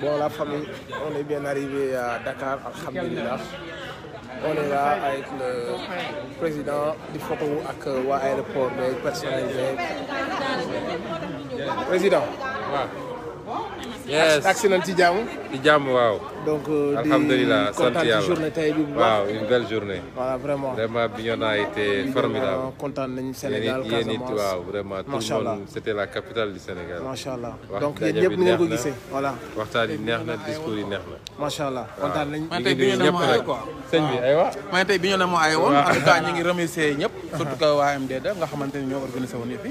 Bon, la famille, on est bien arrivé à Dakar, Alhamdulillah. On est là avec le président du photo ak waa aéroport mais personnalisé. Président. yes ak si nañ ci jàmm. ci jàmm waaw. donc euh, alhamdulilah sant yàlla journée tey bi waaw une belle journée. voilà vraiment vraiment Bignona a été formidable. kontaan nañu Sénégal Casamance yéen it waaw vraiment tout le monde c' la capitale du Sénégal. allah donc yéen ñëpp ni waxtaan yi neex na discours yi neex na. macha allah kontaan nañu. ñu ngi nuyu bi aywa. man moo ay woon en tout ngi remercier ñëpp. surtout que waa MDD nga xamante ni ñoo organisé woon yëpp.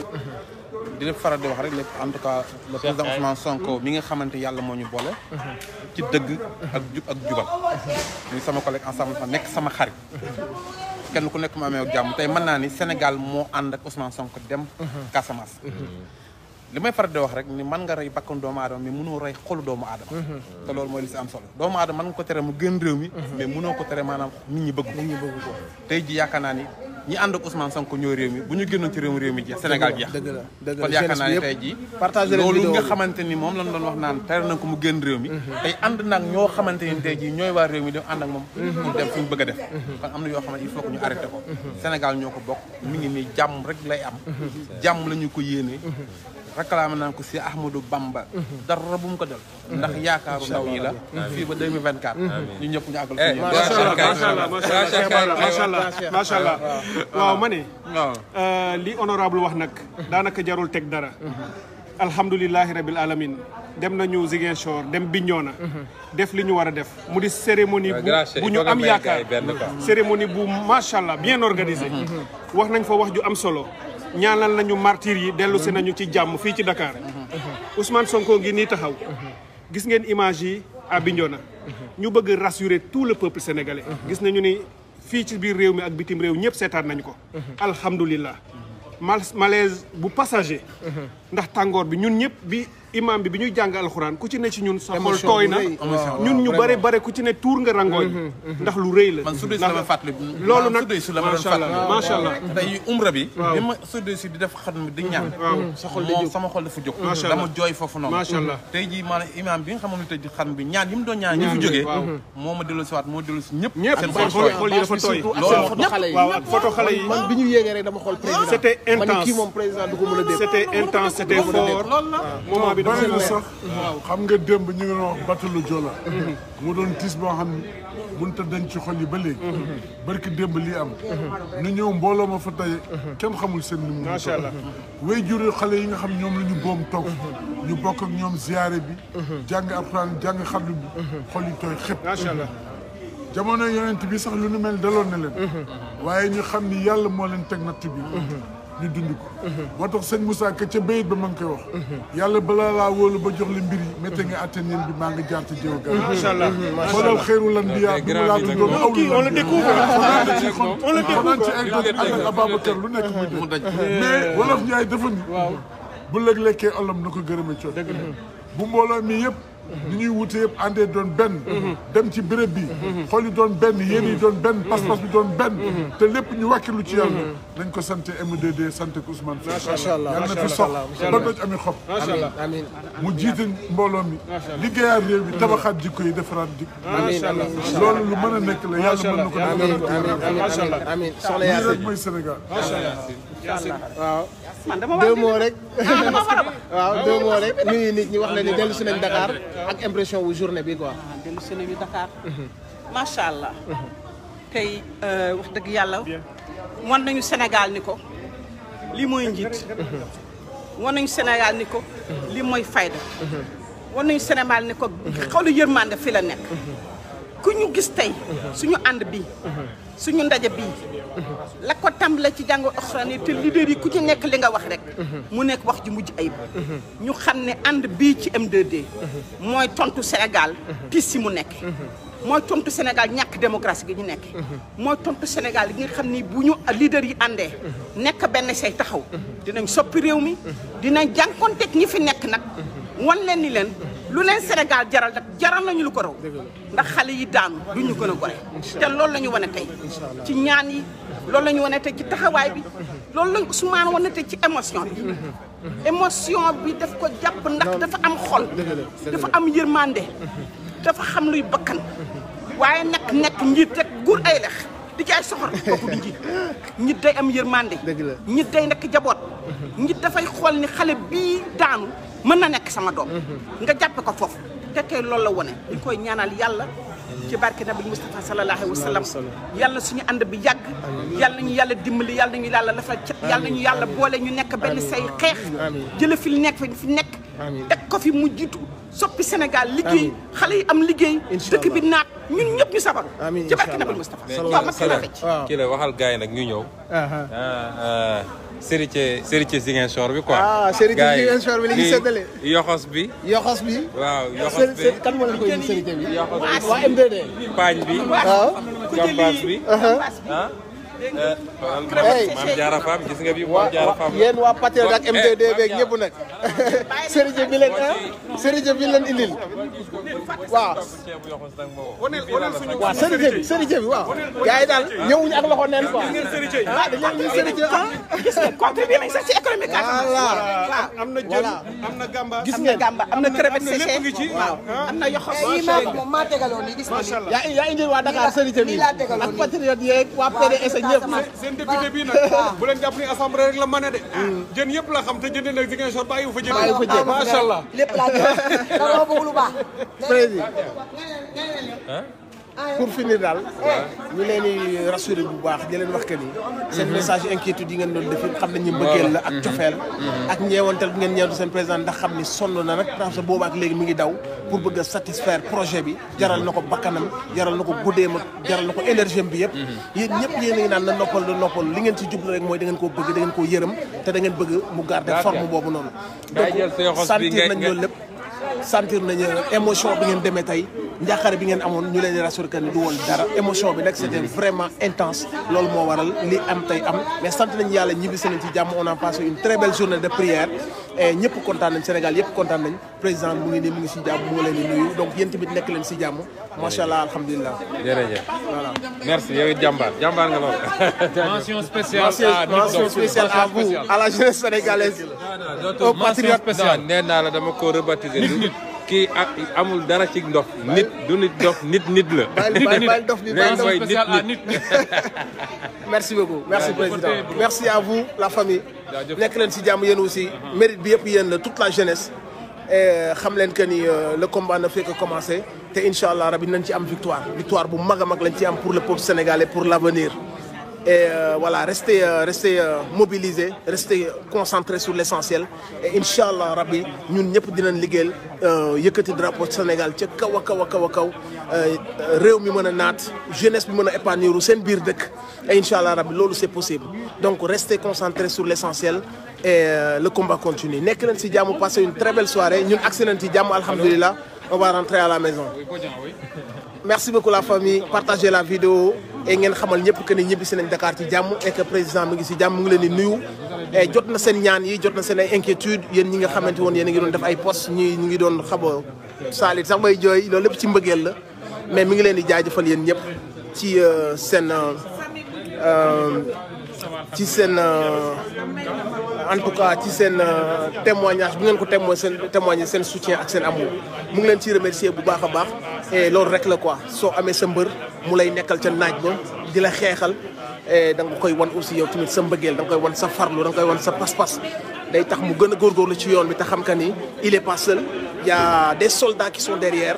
di faral di wax rek lépp en tout cas le président Ousmane Sonko mi nga xamante yàlla moo ñu boole. ci dëgg ak jub ak jubal. ñu sama collègue ensemble nekk sama xarit. kenn ku nekk mu amee jàmm tey mën naa ni Sénégal moo ànd ak Ousmane Sonko dem mhm. Casamance. Mhm. li may faral di wax rek ni mën nga rey bakkan doomu aadama mais mënoo rey xolu doomu aadama mhm. te loolu nga ko tere mu gën réew mi mhm. mais mënoo yaakaar naa ni ñi ànd ak Ousmane mi bu ñu génnoon ci réew mi réew mi jeex Sénégal jeex naa ne tey jii loolu nga xamante ni moom lañ doon wax naan tere nañ ko mu génn réew mi mhm. tey ànd xamante ni tey jii ñooy waa réew mi dem moom fi ñu bëgg a def kon am na yoo xam ne il faut que ñu arrêté ñoo ko bokk mi ngi nii jàmm rek lay am jàmm la ñu ko yéenee réclamé naa ko si Ahmadou Bamba. Mhm. dara bu mu ko dal. ndax mhm. yaakaaru ndaw yi la. fii ba 2024. Mhm. ñu ñëpp ñu àggal. macha allah macha allah macha waaw ma euh, li honorable wax nag. daanaka jarul teg dara. alhamdulilahi rabil alamin dem nañu Ziguinchor dem Bignona def li ñu war a def mu di cérémonie ah, bu ñu am yaakaar cérémonie bu macha allah bien organisé wax nañ fa wax ju am solo ñaanal nañu martir yi dellu si nañu ci jàmm fii ci Dakar Ousmane Sonko ngi nii taxaw gis ngeen image yi à Bignona ñu bëgg rassurer tout le peuple sénégalais gis nañu ni fii ci biir réew mi ak bitim réew ñëpp seetaan nañu ko alhamdulillah malaise bu passager ndax tàngoor bi ñun ñëpp bi imam bi bi ñuy jàng alxuraan ku ci ne ci ñun sa xol tooy na ñun ñu bare bare ku ci ne tuur nga rangooñ mhm, mhm. ndax lu rëy la man sudee si la ma fàttali si la ma doon fàttali macha allah tey umra bi bi ma sudee si di def xatm di ñaan sa xol dafa jooy foofu noonu macha allah mhm. tey jii maanaam bi nga xamoon ne tey di xatm bi ñaan yi mu doon ñaan ñi fi jógee moo ma dellu waat moo dellu si ak photo xale yi man bi ñu yéegee rek dama xol président c'était intense c'était intense bari na sax xam nga démb ñu ngi doon wax batalu Joola mu doon tiis boo xam ne mënut a denc ci xol yi ba léegi barki démb li am nu ñëw mbooloo ma fa tey kenn xamul seen ni mu macha allah way xale yi nga xam ñoom la ñu boom toog ñu bokk ñoom ziyaare bi jàng alxuraan jàng xaddu bi xol yi tooy xëpp macha allah jamono yonent bi sax lu nu mel daloon na leen mhm. waaye ñu xam ni yàlla moo leen teg natt bi ñu dund ko. Mhm. moo tax sëñ Moussa Ka ca béyit ba ma ngi koy wax. Mhm. yàlla balaa laa ba jox la mbir yi. métti nga mhm. atténuer bi maa ngi jaar ci jéego gàllankoor. macha allah macha allah xeeru lan bi yaa. dina gërëm dina gërëm kii on le découvre. on le découvre xanaa ci ay doj ànd ak Ababacar lu nekk muy daj. mais wolof Ndiaye dafa ni. bu lëg lekkee olam na ko gërëmee coono. bu mbooloo mi yëpp. ni ñuy wute yëpp àndee doon benn dem ci béréb bi xool yi doon benn yéen yi doon benn pas-pas bi doon benn te lépp ñu wàkkilu ci yàlla nañ ko sant M2D sant ko Ousmane Masha Allah yàlla na fi sox ba doj ami xob mu jiite mbooloo mi liggéeyaat réew mi tabaxaat jikko yi defaraat jikko loolu lu mën a nekk la yàlla mën na ko def amiin soxla yaa rek mooy wax la ni dellu si nañ ak impression wu journée bi quoi. waaw ah, dellu si mhm. allah. Mhm. tey euh, wax dëgg yàlla. wan nañu ni ko lii mooy njiit. wan nañu Sénégal ni ko. li mooy fayda. Mhm. wan nañu Sénégal ni ko. xaw lu yërmande fi la nekk. ku ñu gis tey suñu ànd bi suñu ndaje bi la ko tàmbale ci jàng alxuraan yi te leader yi ku ci nekk li nga wax rek mu nekk wax ji mujj ayib ñu xam ne ànd bii ci m d mooy tontu senegal tiis si mu nekk mooy tontu Sénégal ñàkk démocratie gi ñu nekk mooy tontu senegal gi nga xam ni bu ñu liider yi àndee nekk benn say taxaw dinañ soppi réew mi dinañ jànkonteeg ñi fi nekk nag wan leen ni leen lu leen Sénégal jaral nag jaral nañu lu ko raw ndax xale yi daanu ñu gën a gore te loolu la ñu wane tey ci ñaan yi loolu la ñu wane tey ci taxawaay bi loolu lañ Ousmane wane tey ci émotion bi émotion bi daf ko jàpp ndax dafa am xol dafa am yërmande dafa xam luy bakkan waaye nag nekk njiit rek gur ay lex di ci ay soxor kooku di njiit nit day am yërmande ñi day nekk jaboot nit dafay xool ni xale bi daanu mën na nekk sama doom mhm. nga jàppe ko foofu te tey loolu la wone ñu koy ñaanal yàlla ci barke nabi Mustafa sallallahu alayhi wa sallam yàlla suñu ànd bi yàgg yàlla ñu yàlla dimbali yàlla nañu yàlla dafa cet yàlla ñu yàlla boole ñu nekk benn say xeex jële fi nekk fa fi nekk teg ko fi mu jiitu soppi Sénégal liggéey xale yi am liggéey dëkk bi naat ñun ñëpp ñu sabaru. amiin ci barke waxal gars nag ñu ñëw. Ah, ah, Serigne Serigne si bi quoi. ah bi la ñuy séddale. yoxos bi. yoxos bi. waaw yoxos bi bi. yoxos bi waa MDD. paañ bi. waaw ah. jàmbaas bi. ah. Eh, waa Patel ak eh, MDD beeg ñëpp nag. Serigne bi leen ah waaw waaw sërite bi sërite bi waaw gars yi daal ñëwuñu ak loxo neen quoi ah dañu ñëw ñu sërite ah gis nga contribué nañ sax ci économie voilà am na jën am na gamba gis nga gamba am na crevette séchée waaw am na yoxo yi ma moom maa tegaloon nii gis nga yaa yaa indil waa Dakar sërite bi ak patriote yeeg waa PDS ñëpp seen député bi nag bu leen jàpp ni assemblée rek la mën a de jën yëpp la xam te jënd nag Ziguinchor bàyyi fa jënd bàyyi fa jënd macha allah lépp laa treize yi pour finir daal ñu leen rassurer bu baax di leen wax que ni seen message inquiétude yi ngeen doon def xam nañ ñu mbëggeel la ak cofeel mhm. ak ñeewantal bi ngeen ñeewantu seen président ndax xam ni sonn na nag parce que boobu ak léegi mi ngi daw pour bëgg a satisfaire projet bi jaral na ko bakkanam jaral na ko guddee ma jaral na ko énergie bi yëpp mhm. yéen ñëpp yéen a ngi naan na noppal na noppal li ngeen ci jublu rek mooy da ngeen koo bëgg da ngeen koo yërëm te boobu noonu donc sentir sentir nañu émotion bi ngeen demee tey njàqare bi ngeen amoon ñu leen di rassurer que ni du woon dara émotion bi nag c'était vraiment intense loolu moo waral li am tey am mais sant nañu yàlla ñibbisi nañ ci jàmm on a passé une très belle journée de prière ñëpp kontaan nañ Sénégal yëpp kontaan nañ président mu ngi nii mu ngi si jàmm moo leen di nuyu donc yéen tamit nekk leen si jàmm macha allah alhamdulilah. jërëjëf voilà. merci yow it jàmbaar jàmbaar nga lool. mention spéciale à mention à la jeunesse sénégalaise. au patriote non nee naa la dama ko rebaptiser. kii amul dara ci ndof nit du nit dof nit nit la. baal dof bi baal dof nit ah, merci beaucoup merci à vous la famille. nekk leen si jàmm yéen aussi. Uh-huh. mérite bi yëpp yéen la toute la jeunesse. Euh, xam leen que ni euh, le combat na fekk commencé te incha allah rabi nañ ci am victoire victoire bu mag a lañ ci am pour le peuple sénégalais pour l' avenir. et euh, voilà rester euh, rester euh, mobilisé sur l'essentiel et incha allah rabbi ñun ñëpp dinañ liggéeyal euh, yëkkati drapeau Sénégal ca kaw a kaw a kaw a kaw euh, euh, réew mi mën a naat jeunesse bi mën a épanouir seen biir dëkk et incha allah rabbi loolu c'est possible donc rester concentré sur l'essentiel e le combat continue nekk leen si jàmm passez une très belle soirée ñun agsi nañ si jàmm alhamdulilah on va rentrer à la maison. merci beaucoup la famille partagez la vidéo et ngeen xamal ñëpp que ni ñibbisi nañ Dakar ci jàmm et président mi ngi si jàmm mu ngi leen ni nuyu. et jot na seen ñaan yi jot na seen ay inquiétude yéen ñi nga xamante woon yéen a ngi doon def ay poste ñi ñu ngi doon xaba saalit sax bay jooy loolu lépp ci mbëggeel la mais mi ngi leen di jaajëfal yéen ñëpp ci euh, seen. Euh, euh, ci seen euh, en tout cas ci seen euh, témoignage bu ngeen ko témoin seen témoigner seen soutien ak seen amour mu ngi leen ci remercier bu baax a baax loolu rek la quoi soo amee sa mbër mu lay nekkal ca naaj ba di la xeexal da nga koy wan aussi yow tamit sa mbëggeel da nga koy wan sa farlu da koy wan sa pas-pas day tax mu gën a góorgóorlu ci yoon bi te xam ka ni il est pas seul y a des soldats qui sont derrière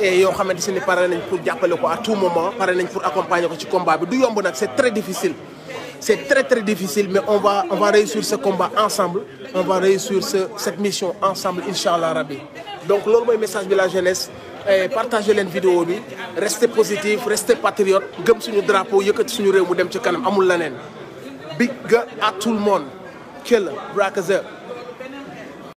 et yoo xamante ne pare nañ pour jàppale ko à tout moment pare nañ pour ko ci combat bi du yomb nag c'est C'est très très difficile, mais on va, on va réussir ce combat ensemble. On va réussir ce, cette mission ensemble, Inch'Allah Rabbi. Donc, c'est le message bila la jeunesse. partagez leen vidéo bi restez positif restez patriote gëm suñu drapeau yëkkati suñu réew mu dem ci kanam amul leneen big up à tout le monde Kella Brazzers